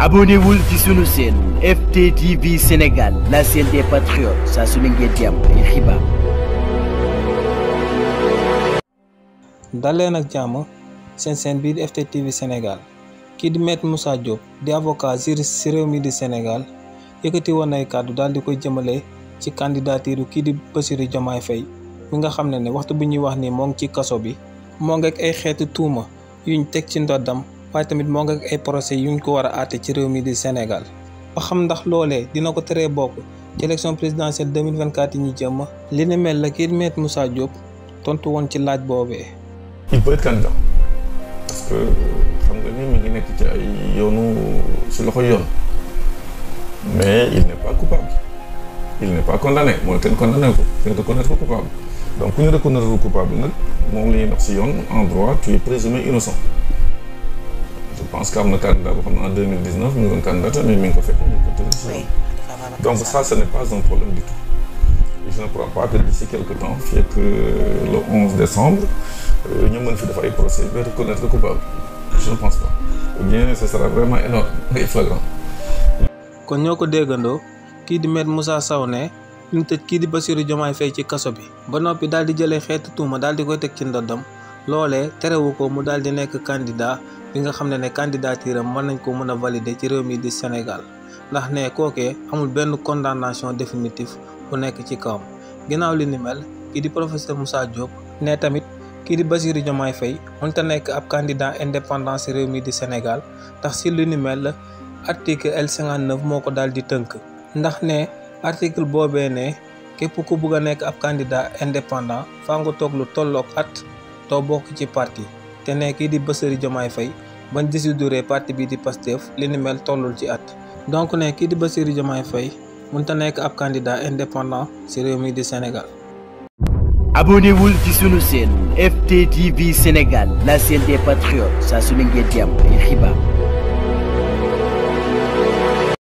abonnez-wul sur sunu chaîne FTTV Sénégal la chaîne des patriotes saa su ne ngeen di am ay xibaar. daleen FTTV Sénégal kii di de Moussa Diop di avocat juriste ci di Sénégal yëkkati woon ay kàddu daal di koy jëmale ci candidature kii di Bassirou Diomaye mi nga ne waxtu bu ñuy wax ni ngi ci kaso bi moo ngeeg ay xeetu tuuma yuñ ci waaye tamit moo nga ak ay procès yuñ ko war a àtte ci réew mi di Sénégal ba xam ndax loolee dina ko teree bokk ci élection présidentielle 2024 yi ñu jëm li ne mel la kii Maître Moussa Diop tontu woon ci laaj boobee. il peut être candidat parce que xam nga ni mi ngi nekk ci ay yoonu si loxo yoon mais il n'est pas coupable il n'est pas condamné mooy kenn condamné ko kenn reconnaître ko coupable donc ku ñu reconnaître coupable nag moom la ñuy dox si yoon en droit tu es présumé innocent pense que am nous candidat boo en 2019, nous dix candidat mais nous ngi ko fekk mu donc ça ce n'est pas un problème du tout. je ne crois pas que d'ici quelques temps euh, le 11 décembre euh, ñu mën fi def ay procès ba reconnaître le coupable je ne pense pas ou bien ce sera vraiment énorme et flagrant. Quand nous avons dit kii dit maître Moussa Sow ne ñu tëj kii di Bassirou Diomaye Faye ci kaso bi ba noppi dit qu'il jëlee xeetu tuuma daal di koy teg lolé terewu ko mu daal di nekk candidat bi nga xamné né candidature mën nañ ko mëna valider ci réew mi di Sénégal ndax né koké amul benn condamnation définitive bu nek ci kaw ginaaw li ni mel kiri di professeur Moussa Diop né tamit ki di Bassirou Diomaye Faye ta nek ab candidat indépendant réew mi di Sénégal ndax ci li ni mel article L59 moko ko daal di ndax ne article bobé né képp ku bëgg nek ab candidat indépendant fa nga tok lu tollok at te bokk ci parti te nekk kii di Bassirou Diomaye Faye bañ déciduré parti bi di Pastef li ni mel tollul ci at donc ne kii di Bassirou Diomaye Faye mënta nekk ab candidat indépendant ci réew mi di senegal abonnewul ci sunu chaîne FTTV Sénégal la chaîne des patriotes saa su ne ngeen di am xibaar